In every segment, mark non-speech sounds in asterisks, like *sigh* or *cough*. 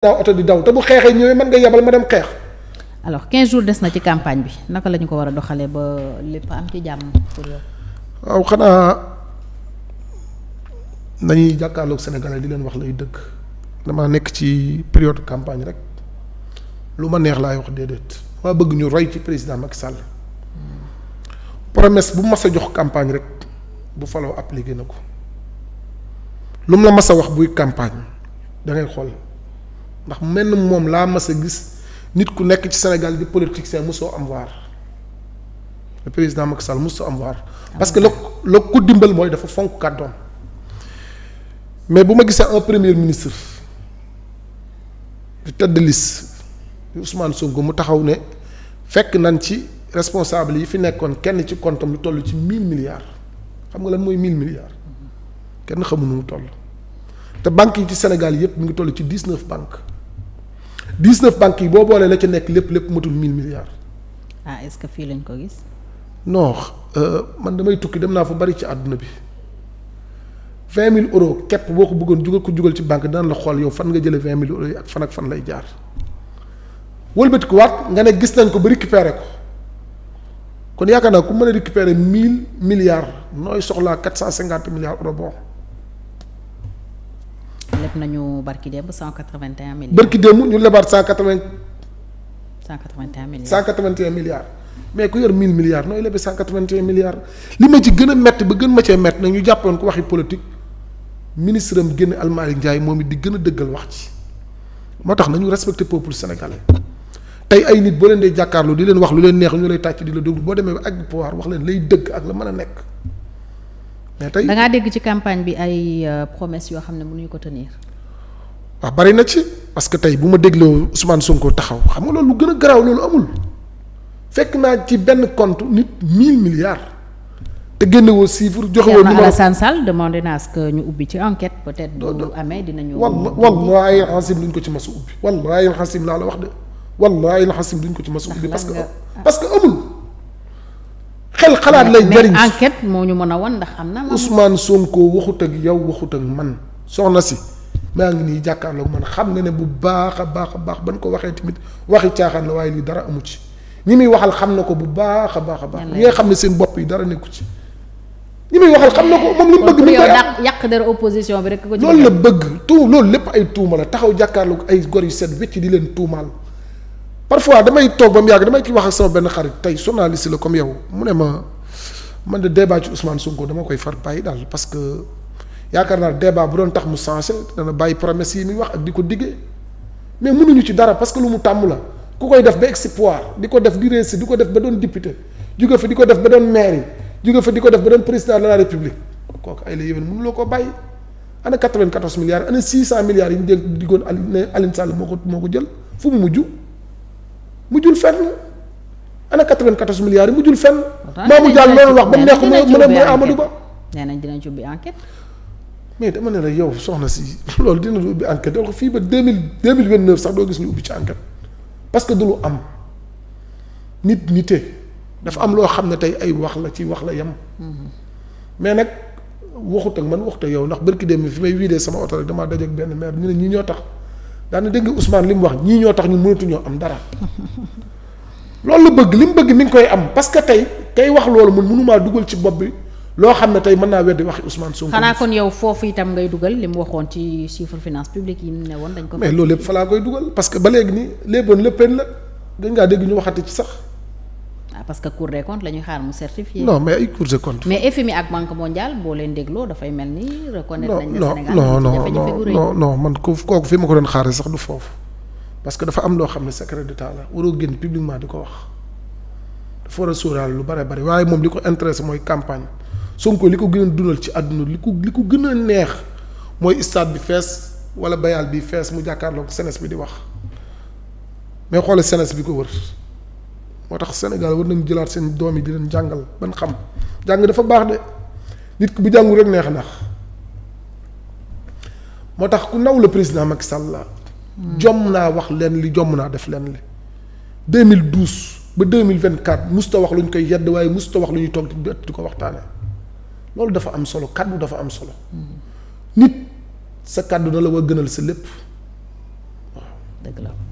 daaw oto di daw te bu xeexee ñëwee mën nga yebal ma dem xeex. alors 15 jours des na ci campagne bi naka la ko war a doxalee ba lépp am ci jàmm pour yow. waaw xanaa nañuy jàkkaarloog Sénégalais di leen wax lay dëgg damaa nekk ci période campagne rek lu ma neex laay wax déedéet maa bëgg ñu roy ci président Macky Sall promesse bu mas a jox campagne rek bu faloo appliqué na ko lu mu la mas a wax buy campagne dangay ngay xool. ndax menn moom laa mas a gis nit ku nekk ci Sénégal di politicien mosoo am waar le président Macky Sall mosoo am waar parce que la la ko dimbal mooy dafa fonk kàddoom mais bu ma gisee un premier ministre di tête de liste Ousmane mu taxaw ne fekk nañ ci responsable yi fi nekkoon kenn ci kontam lu tollu ci mille milliards xam nga lan mooy mille milliards mm-hmm. kenn xamu nu mu toll te banques yi ci Sénégal yépp mu ngi toll ci dix-neuf banques dix neuf banques yi boo boolee la ci nekk lépp lépp matul mille milliards. ah est-ce que fii lañ ko gis. non euh, man damay tukki dem naa fa bari ci àdduna bi vingt mille euros képp boo ko bëggoon jugal ko jugal ci banque daan la xool yow fan nga jëlee vingt mille euros yi ak fan ak fan lay jaar wëlbati ko waat nga ne gis nañ ko ba récupéré ko kon yaakaar naa ku mën a récupérer mille milliards nooy soxlaa quatre cent cinquante milliards euros bon. lépp nañu barki démb 181 milliards. barki démb ñu lebaat 180. 181 milliards 181 milliards. mais ku yor 1000 milliards nooy lebe 181 milliards li ma ci gën a ba gën ma cee métti nag ñu jàppoon ko waxi politique ministre am génn Almaarik Ndiaye moom it di gën a dëggal wax ci moo tax nañu respecté peuple sénégalais tey ay nit boo leen dee jàkkaarloo di leen wax lu leen neex ñu lay tàcc di la dugg boo demee ba àgg wax leen lay dëgg ak la mën a nekk. mais tey da ngaa dégg ci campagne bi ay euh, promesse yoo xam ne mënuñu ko tenir. waaw ah, bari na ci parce que tey bu ma dégloo Ousmane ko taxaw xam nga loolu lu gën a garaaw loolu amul fekk naa ci benn compte nit 1000 milliards te génne woo chiffre joxe woo. numéro Alassane Sall demandé naa ce que ñu ubbi ci enquête peut-être. bu amee dinañu. wallaahi alxasim duñ ko ci mas a ubbi wallaahi alxasim laa la wax de wallaahi alxasim duñ ko ci mas a ubbi. parce amul. xel xalaat lay jëriñ mais moo ñu mën a wan ndax am na. soon Sonko waxut ak yow waxut ak man soxna si maa ngi nii jàkkaarloog man xam nga ne bu baax a baax a baax ban ko waxee tamit waxi caaxaan la waaye lii dara amu ci ñi muy waxal xam na ko bu baax a baax a baax. ñi nga xam ne seen bopp yi dara nekku ci. ñi muy waxal xam na ko moom li mu bëgg. mi koy am yàq dara opposition bi rek ko ci loolu la bëgg tu loolu lépp ay tuuma la taxaw jàkkaarloog ay gor yu set wecc di leen tuumaal. parfois damay toog ba mu yàgg damay ki wax ak sama benn xarit tey la comme yow mu ne ma man de débat ci Ousmane Sonko dama koy far bàyyi daal parce que yaakaar naa débat bu doon tax mu changé dana bàyyi promesse yi muy wax ak di ko diggee mais mënuñu ci dara parce que lu mu tàmm la ku koy def ba excipoir di ko def di réussir di ko def ba doon député jóge fa di ko def ba doon maire yi jóge fa di ko def ba doon président de la république kooku ay la yéwén mënuloo koo bàyyi ana 94 milliards ana 600 milliards yi ñu dégg diggoon Aline Aline Sall mu mujj. mujjul fenn ana 94 milliards yi mujjul fenn. Mamour Diallo loolu wax ba mu nekk mu ne mooy Amadou Ba. nee nañ dinañ ci ubbi enquête. mais dama ne la yow soxna si *laughs* loolu dina ubbi enquête ko fii ba deux mille deux mille vingt neuf sax doo gis ñu ubbi ci enquête parce que du lu am nit nite dafa am loo xam ne tey ay wax la ci wax la yem. Mm-hmm. mais nag waxut ak man waxut ak yow ndax barki dem fi may wiidee sama oto rek damaa dajeeg benn maire ñu ne ñi ñoo tax. daana dégg nga li mu wax ñii ñoo tax ñu mënatuñoo am dara loolu la bëgg li mu bëgg mi ngi koy am parce que tey kay wax loolu mun mënumaa dugal ci bopp bi loo xam ne tey mën naa weddi waxi Ousmane Sonko. xanaa kon yow foofu itam ngay dugal li mu waxoon ci chiffre finance publique yi mu ne woon dañ ko. mais loolu lépp fa laa koy dugal parce que ba léegi nii léeboon léppeen la gën ngaa dégg ñu waxati ci sax. ah parce que cour des comptes la ñuy xaar mu certifié. non mais ay cour des comptes. mais FMI ak banque mondiale boo leen dégloo dafay mel ni. reconnaître nañ la Sénégal non non non non man kooku fi ma ko doon xaaree sax du foofu. parce que dafa am loo xam ne secret d'État la waroo génn publiquement di ko wax dafa war a sóoraal lu bare bari waaye moom li ko intéressé mooy campagne Sonko li ko gën a dundal ci àdduna li ko li ko gën a neex mooy stade bi fees wala bayal bi fees mu jàkkaarloog senes bi di wax mais xoolal senes bi ko wër. moo tax Sénégal war nañu jëlaat seen doom yi di leen jàngal ban xam jàng dafa baax de nit ki bu jàngul rek neex a nax moo tax ku naw la président Macky Sall la jomm naa wax leen li jomm naa def leen li 2012 ba 2024 musta wax lu ñu koy yedd waaye musta wax lu ñuy toog di ko waxtaanee loolu dafa am solo kàddu dafa am solo hmm. nit sa kàddu na la war gënal sa lépp waaw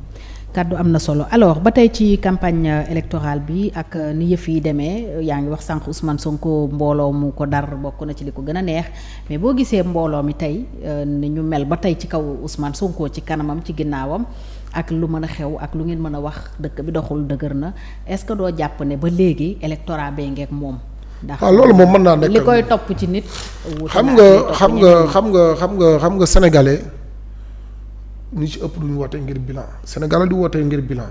kàddu am na solo alors ba tey ci campagne électorale bi ak ni yëf yi demee yaa ngi wax sànq Ousmane Sonko mbooloo mu ko dar bokk na ci li ko gën a neex mais boo gisee mbooloo mi tey euh, ni ñu mel ba tey ci kaw Ousmane Sonko ci kanamam ci ginnaawam ak lu mën a xew ak lu ngeen mën a wax dëkk bi doxul dëgër na est-ce que doo jàpp ne ba léegi électorat bee ngeeg moom. ndax ah, loolu moom mën naa nekk li koy topp ci nit. xam nga xam nga xam nga xam nga xam nga sénégalais. ñu ci ëpp duñu wootee ngir bilan Sénégal di wootee ngir bilan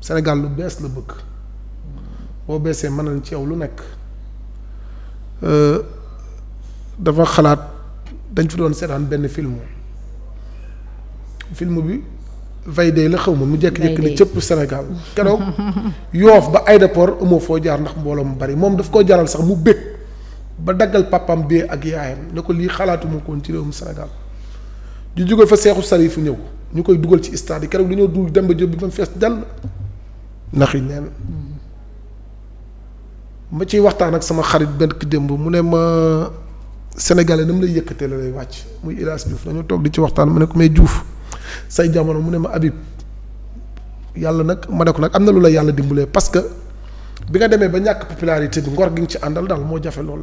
Sénégal lu bees la bëgg boo beesee mën nañ ci yow lu nekk euh, dafa xalaat dañ fi doon seetaan benn film film bi Veyde la xaw ma mu jekk-jekk ne cëpp Sénégal keroog yoof ba aéroport amoo foo jaar ndax mbooloo mu bari moom daf koo jaral sax mu bëgg ba daggal pàppam bi ak yaayam ne ko lii xalaatuma koon ci réewum Sénégal ñu jóge fa seexu sarifu ñëw ñu koy dugal ci stade yi keroog li ñoo dul Demba Diop bi ba fees dal naxi nee na ma ciy waxtaan ak sama xarit benn ki démb mu ne ma sénégalais na mu lay yëkkatee la lay wàcc muy Ilaas Diouf dañoo toog di ci waxtaan mu ne may Diouf say jamono mu ne ma Habib yàlla nag ma ne ko nag am na lu la yàlla dimbalee parce que bi nga demee ba ñàkk popularité bi ngor gi nga ci àndal daal moo jafe lool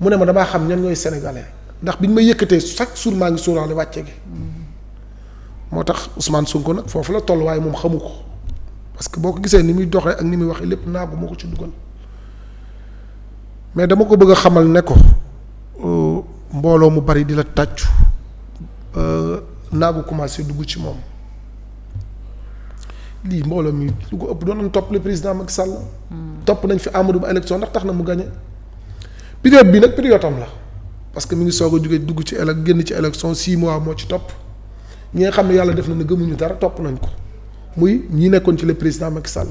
mu ne ma damaa xam ñan ñooy sénégalais. ndax bi ñu may yëkkatee chaque jour maa ngi sóoraale wàcce gi moo tax Ousmane Sonko nag foofu la toll waaye moom xamu ko parce que boo ko gisee ni muy doxee ak ni muy waxee lépp naagu moo ko ci dugal mais dama ko bëgg a xamal ne ko euh, mbooloo mu bari di la tàccu euh, naagu commencé dugg ci moom lii mbooloo mi lu ko ëpp doon nañ topp le président Macky Sall. Hmm. topp nañ fi amadu Ba élection ndax tax na mu gagné période bi nag période am la. parce que mu ngi soog a jóge dugg ci élec génn ci élection six mois moo ci topp ñi nga xam ne yàlla def na ne gëmuñu dara topp nañ ko muy ñi nekkoon ci le président Macky Sall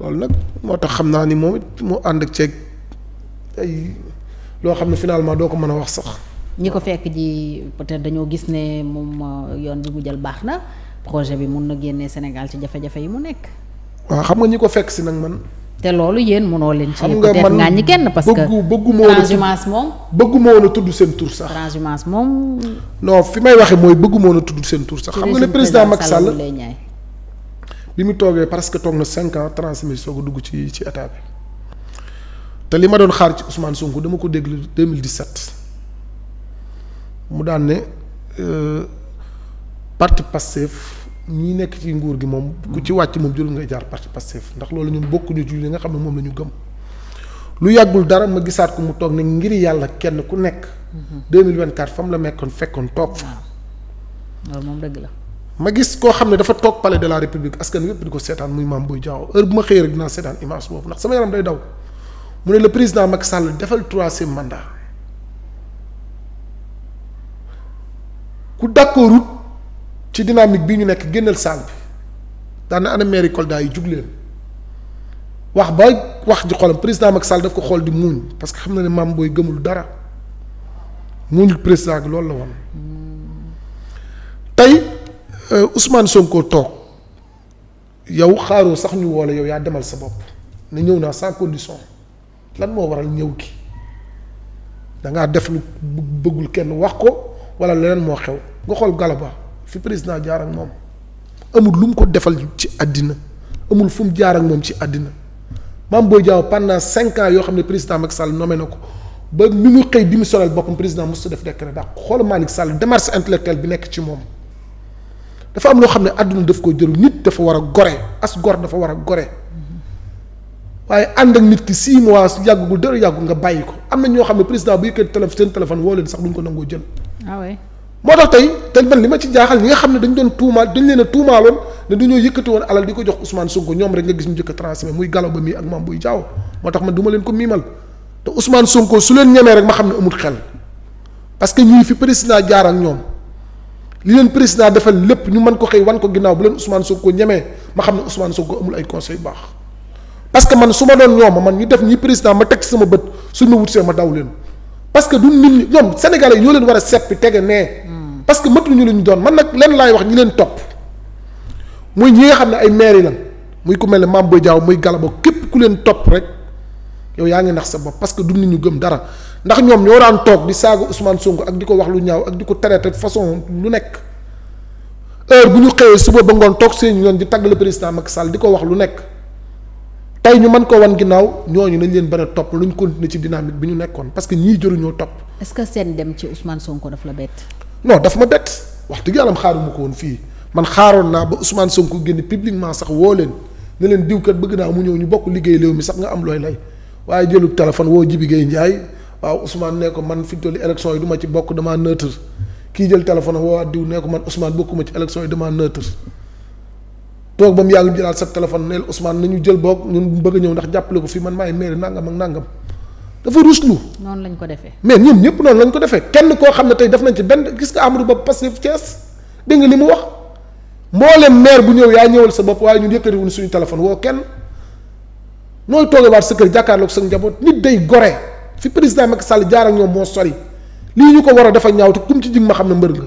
loolu nag moo tax xam naa ni moom it mu ànd ak ceeg ay loo xam ne finalement doo ko mën a wax sax. ñi ko fekk ji peut-être dañoo gis ne moom euh, yoon bi mu jël baax na projet bi mun na génnee Sénégal ci jafe-jafe yi mu nekk. waaw xam nga ñi ko fekk si nag man. te loolu yéen mënoo leen. ci peut-être ngàññi kenn parce que transhumance moom bëgguma woon a tudd seen tur sax. transhumance moom. non fi may waxee mooy bëgguma woon tudd seen tur sax. xam nga ne président Macky Sall li mu toogee parce que toog na cinq ans transhumé soo a dugg ci ci état bi te li ma doon xaar ci Ousmane Sonko dama ko déglu 2017 mu daan ne euh, parti Pastef. ñi nekk ci nguur gi moom. ku ci wàcc moom jëlul ngay jaar parti Pastef ndax loolu ñun bokkuñu ci li nga xam ne moom la ñu gëm. lu yàggul dara ma gisaat ko mu toog ne ngir yàlla kenn ku nekk. 2024 mhm. fam la mekkoon fekkoon toog fa. moom dëgg la. ma gis koo xam ne dafa toog palais de la république askan wépp di ko seetaan muy maam Boye Diao heure bu ma xëyee rek dinaa seetaan image boobu ndax sama yaram day daw mu ne le président Macky Sall defal troisième mandat ku d'accordut ci dynamique bi ñu nekk génnal saal bi daana ana mairie Kolda yi jug wax ba wax ji xolam président Macky Sall daf ko xool di muuñ parce que xam na ne maam booy gëmul dara muuñul président gi loolu la woon tey euh, Ousmane Sonko toog yow xaaroo sax ñu woole yow yaa demal sa bopp ne ñëw naa sans condition lan moo waral ñëw gi dangaa def lu bëggul kenn wax ko wala leneen moo xew nga xool galaba fi président jaar ak moom amul lu mu ko defal ci àddina amul fu mu jaar ak moom ci àddina Mame Boye jaar pendant cinq ans yoo xam ne président Macky Sall nommé na ko ba mi mu xëy bi mu solal boppam président mosut def décret daa xool Malick Sall démarche intellectuelle bi nekk ci moom dafa am loo xam ne àdduna daf ko jëru nit dafa war a gore as gor dafa war a gore waaye ànd ak nit ki six mois yàggugul dara yàggul nga bàyyi ko am na ñoo xam ne président bu yëkkati téléphone seen téléphone woo leen sax duñ ko nangoo jël. ah moo tax tey te man li ma ci jaaxal ñi nga xam ne dañ doon tuumaal dañ leen a tuumaaloon ne du ñoo yëkkati woon alal di ko jox Ousmane Sonko ñoom rek a transmet muy galo ba mii ma leen ko leen ñemee rek ma xam ne amul xel parce que ñii fi président jaar ak ñoom li leen président defal lépp ñu mën ko xëy wan ko ginnaaw bu leen Ousmane Sonko ñemee ma xam ne Ousmane Sonko amul ay conseil baax parce que man su ma doon ñoom man ñu def ñi président ma teg sama bët suñ ma wutsee ma daw leen parce que du nit ñi ñoom sénégalais ñoo leen war a seppi tege nee parce que matuñu lu ñu doon man nag leen laay wax ñi leen topp muy ñi nga xam ne ay maire yi muy ku mel ne Mame Boye muy Galabo képp ku leen topp rek yow yaa ngi nax sa bopp parce que du nit ñu gëm dara ndax ñoom ñoo daan toog di saaga Ousmane sunk ak di ko wax lu ñaaw ak di ko traité façon lu nekk heure bu ñu xëyee suba ba ngoon toog seen yoon di tàgg président Macky Sall di ko wax lu nekk tey ñu mën ko wan ginnaaw ñooñu nañ leen bëri topp luñ continuer ci dynamique bi ñu nekkoon parce que ñii jëruñoo topp. est que seen dem ci Ousmane Sonko daf la bett. non dafa ma bett wax dëgg yàlla xaaruma ko woon fii man xaaroon naa ba Ousmane Sonko génn publiquement sax woo leen ne leen diwkat bëgg naa mu ñëw ñu bokk liggéey réew mi sax nga am looy lay waaye jëlub téléphone woo Jibi Gueye Ndiaye waaw Ousmane ne ko man fi tolli élection yi du ma ci bokk damaa neutre kii jël téléphone woo diw ne ko man Ousmane bokkuma ci élection yi damaa neutre toog ba mu yàgg jëlaat sa téléphone neel Ousmane nañu jël boog ñun bëgg ñëw ndax jàppale ko fii man maay maire nangam ak nangam dafa ruslu. noonu lañ ko defee. mais ñun ñëpp noonu lañ ko defee kenn koo xam ne tey def nañ ci benn gis nga Amadou Ba Pastef Thiès dégg nga li mu wax moo leen maire bu ñëw yaa ñëwal sa bopp waaye ñun yëkkatiwuñ suñu téléphone woo kenn nooy toogee waat sa kër jàkkaarlook sa njaboot nit day gore fi président Macky Sall jaar ak ñoom moo sori lii ñu ko war a dafa ñaaw te kum ci jig ma xam ne mbër nga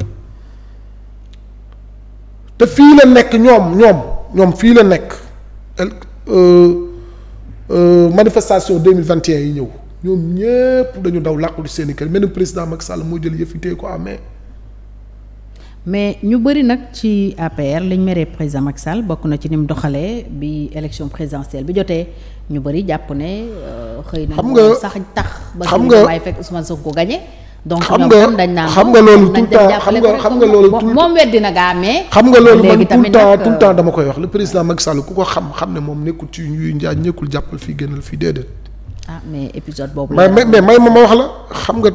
te fii la nekk ñoom ñoom ñoom fii la nekk euh, euh, manifestation 2021 yi ñëw. ñoom ñëpp dañu daw làqu ci seen kër mel président Macky Sall moo jël yëf yi téye ko amee. mais ñu bëri nag ci APR liñ meree président Macky Sall bokk na ci ni mu doxalee bi election présidentielle bi jotee ñu bëri jàpp ne. Euh, xëy na moom sax tax. xam nga ba waaye fekk Ousmane xam nga loolu tout le nga xam nga loolu. moom weddi na gaa mais. xam nga loolu man tout le temps tout le temps dama koy wax le président Macky Sall ku ko xam xam ne moom nekkul ci yuy njaay nekkul jàppal fii génnal fii déedéet. ah mais épisode boobu. mais mais ma wax la xam nga.